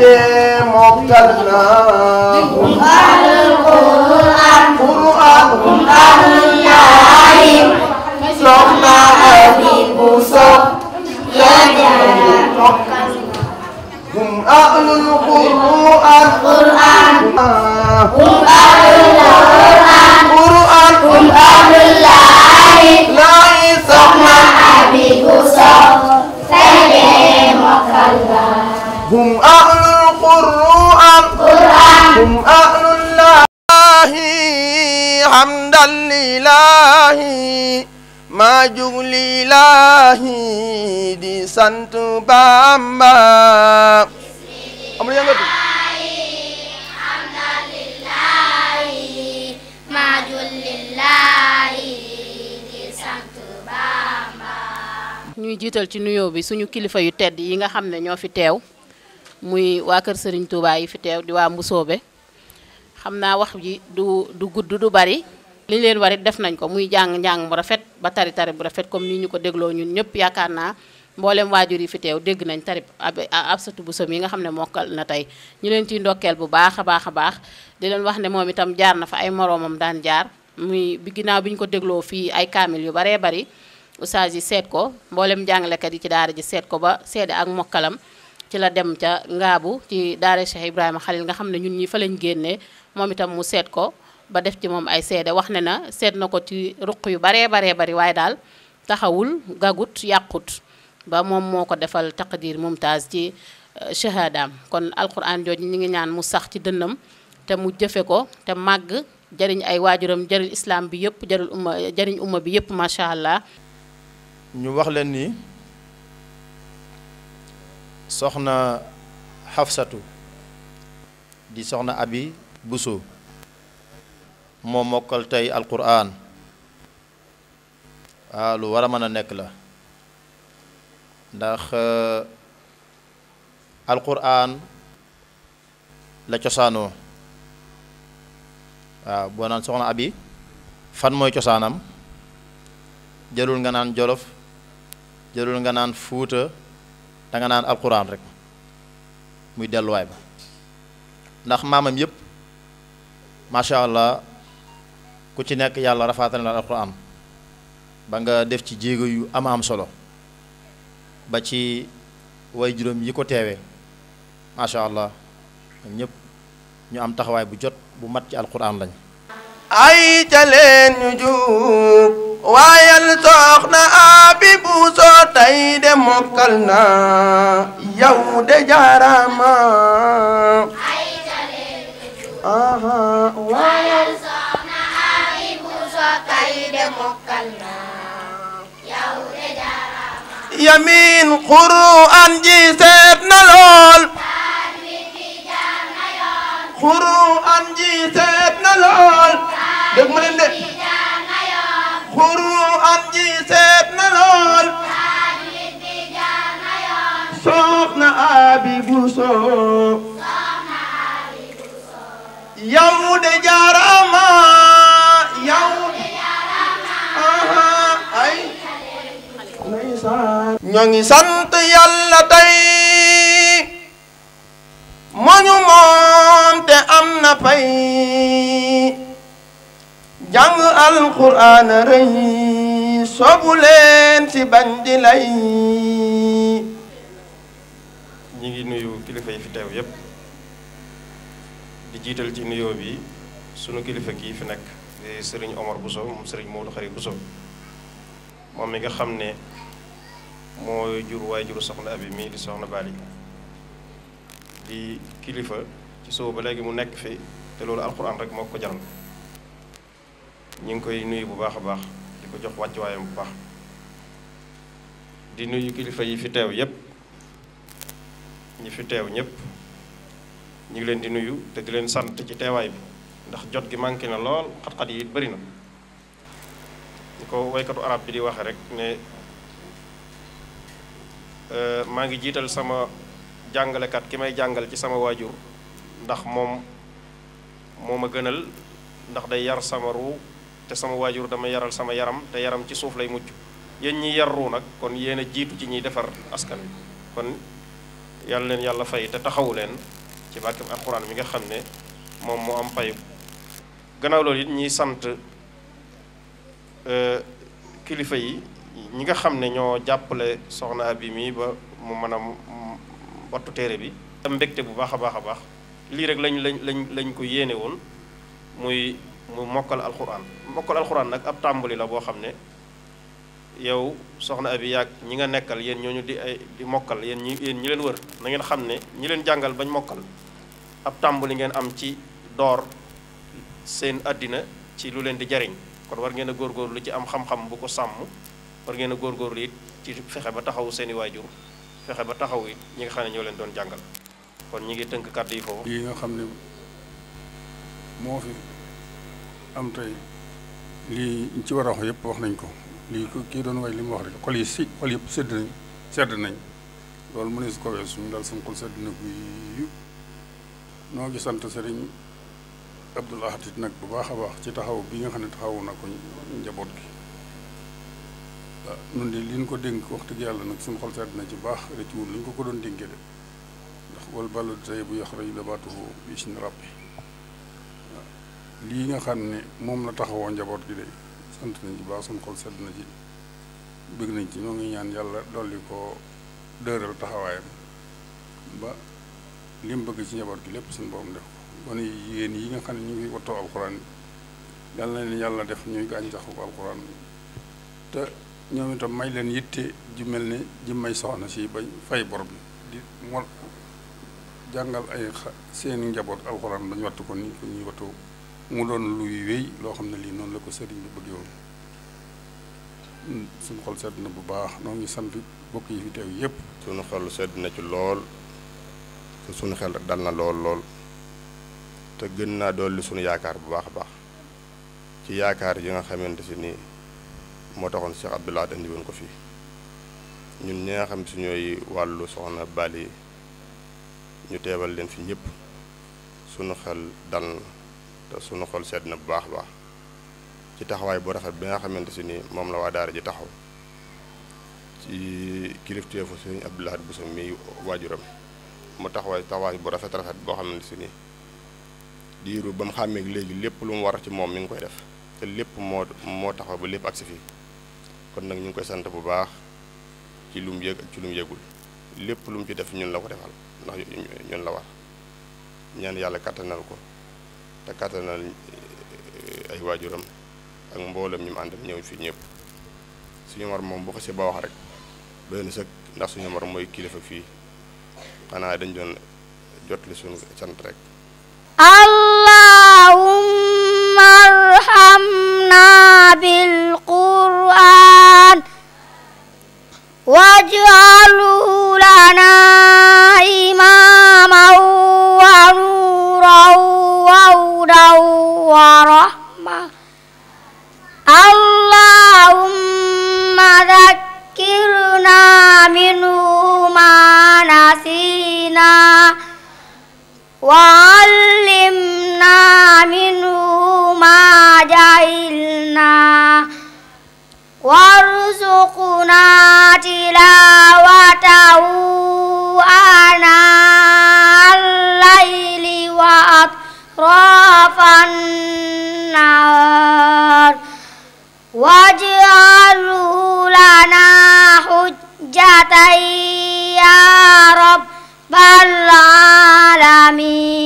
dee mokkal naa maa jug lii laahi di sant Bamba ñuy jiital ci nuyoo bi suñu kilifa yu tedd yi nga xam ne ñoo fi teew muy waa kër Serigne Touba yi fi teew di waa Mbusoobe xam naa wax ji du gudd du bari li ñu leen war it def nañ ko muy jàng njàng mu rafet ba tari tari bu rafet comme ni ñu ko dégloo ñun ñëpp yaakaar naa mboolem waajur yi fi teew dégg nañ tari tarib bu Bousso yi nga xam ne mokkal na tey ñu leen ciy ndokkeel bu baax a baax a baax di leen wax ne moom itam jaar na fa ay moroomam daan jaar muy bi ginnaaw bi ñu ko dégloo fii ay kaamil yu baree bari oustaz yi seet ko mboolem jàngalekat yi ci daara ji seet ko ba seede ak mokkalam ci la dem ca ngaabu ci daara Cheikh Ibrahima Khalil nga xam ne ñun ñi fa lañ génnee moom itam mu seet ko ba def ci moom ay seede wax ne na seet na ko ci ruq yu baree baree bari waaye daal taxawul gagut yàqut ba moom moo ko defal taqdir mumtaz ci euh, shahadaam kon alquran jooju ñu ngi ñaan mu sax ci dënnam te mu jëfe ko te màgg jariñ ay waajuram jëriñ islam bi yëpp jëriñ umma bi yëpp macha allah. ñu wax leen ni soxna Xafsatu di soxna Abi Bousso moo mokkal tey alquran waaw lu war a mën a nekk la ndax euh, alquran la cosaanoo waaw boo naan soxna abi fan mooy cosaanam jëlul nga naan jolof jëlul nga naan fuuta danga nga naan alquran rek muy delluwaay ba ndax maamam yépp macha allah ku ci nekk yàlla rafaatal na alxuraan ba nga def ci jéego yu am am solo ba ci way juróom yi ko teewee macha allah ñëpp ñu am taxawaay bu jot bu mat ci alxuraan lañ ay jaleen ñu juub waayal soxna abi soo tey de mokkal na yow de jaarama yamin xuraan ji ji seet na lool dégg na lool soxna abi buso yamu de ñoo ngi sant yàlla tey moñu moom te am na pay jàng alquran rëy soobu leen ci bañ di lay ñi ngi nuyu kilifa yi fi teew yépp di jiital ci nuyoo bi sunu kilifa kii fi nekk di sëriñ Omar Bousso moom sëriñ Modou Xari Bousso moom mi nga xam ne moo jur waajuru soxna abi mii di soxna Bali di kilifa ci suba ba léegi mu nekk fi te loolu alxuraan rek moo ko jaral ñu ngi koy nuyu bu baax a baax di ko jox wàccuwaayam bu baax di nuyu kilifa yi fi teew yépp ñi fi teew ñépp ñu ngi leen di nuyu te di leen sant ci teewaay bi ndax jot gi manqué na lool xat-xat yi it na ñu ko waykatu arab bi di waxe rek Euh, maa ngi jiital sama jàngalekat ki may jàngal ci sama waajur ndax moom moo ma gënal ndax day yar sama ruu te sama waajur dama yaral sama yaram te yaram ci suuf lay mujj yéen ñi yar ruu nag kon yéen a jiitu ci ñuy defar askan wi kon yàlla leen yàlla fay te taxawu leen ci barkeb alxuraan bi nga xam ne moom moo am payu gannaaw loolu yi ñuy sant euh, kilifa yi ñi nga xam ne ñoo jàppale soxna bi mii ba mu mën a wattu téere bi am bu baax a baax a baax lii rek lañ lañ lañ lañ ko yéene woon muy mu mokkal alxuraan mokkal alxuraan nag ab tàmbali la boo xam ne yow soxna abi yaag ñi nga nekkal yéen ñooñu di ay di mokkal yéen ñi ñi leen wër na ngeen xam ne ñi leen jàngal bañ mokkal ab tàmbali ngeen am ci door seen àddina ci lu leen di jariñ kon war ngeen a lu ci am xam-xam bu ko sàmm par ngeen a góorgóorlu it ci fexe ba taxawu seeni i waajur fexe ba taxaw it ñi nga xam ne ñoo leen doon jàngal kon ñi ngi tënk kàddu yi foofu. yi nga xam ne moo fi am tey lii ci war a wax yëpp wax nañ ko lii kii doon way li mu wax rek xol si xol yëpp sedd nañ sedd nañ loolu mu ne wees suñu daal suñu xol sedd na guy noo ngi sant Serigne Abdoul Ahad nag bu baax a baax ci taxaw bi nga xam ne taxawu na ko njaboot gi. nun ah, de li ko dénk waxtu yàlla nag suñu xol sedd na ci baax rëcc wul li ñu ko ko doon dénkee ndax wal baladu tayyibu yaxruju nabaatuhu bi izni nga xam ni moom la taxawoo njaboot gi de sant nañ ci baax suñu xol sedd na ci bëgg nañ ci ñoo ngi ñaan yàlla dolli ko dëral taxawaayam ba li mu bëgg ci njaboot gi lépp suñu borom def ko gone yi jigéen yi nga xam ne ñu ngi wattoo alxuraan yàlla na leen yàlla def ñuy gaañ taxu alxuraan te ñoom itam may leen yitte ju mel ne ji may soxana si ba fay borom di mor jàngal ay seeni njaboot aw ba ñu wattu ko ni ko ñuy wattu mu doon luy wéy loo xam ne lii noonu la ko sëriñ bi suñu xol sedd na bu baax noo ngi bokk yi fi teew yépp suñu sedd na ci lool te suñu xel rek dal na lool lool te gën naa li sunu yaakaar bu baax a baax ci yaakaar yi nga xamante si nii moo taxoon Cheikh Abdou Lahad indi ko fii ñun ñi nga xam si ñooy wàllu soxna Bali ñu teebal leen fii ñëpp sunu xel dal te sunu xol sedd na bu baax baax ci taxawaay bu rafet bi nga xamante si ni moom la waa daara ji taxaw ci kilifteefu Sëriñ Abdou bu Bousso mi waajuram mu taxawaay taxawaay bu rafet rafet boo xamante si ni diiru ba mu xàmmeeg léegi lépp lu mu war ci moom mi ngi koy def te lépp moo moo taxaw ba lépp aksi fii kon nag ñu ngi koy sant bu baax ci lum yëg ak ci lum yëgul lépp lu mu ci def ñun la ko defal ndax ñun la war ñaan yàlla kàttanal ko te kàttanal eh, ay waajuram ak mboolem ñu mu ànd ak ñëw fii ñëpp suñu mar moom bu si ba wax rek doy na sëkk ndax suñu mar mooy kilifa fii xanaa dañ doon jotli suñu sant rek. ورحمة اللهم ذكرنا منه ما نسينا وعلمنا منه ما جهلنا وارزقنا تلاوته فالنار واجعله لنا حجة يا رب العالمين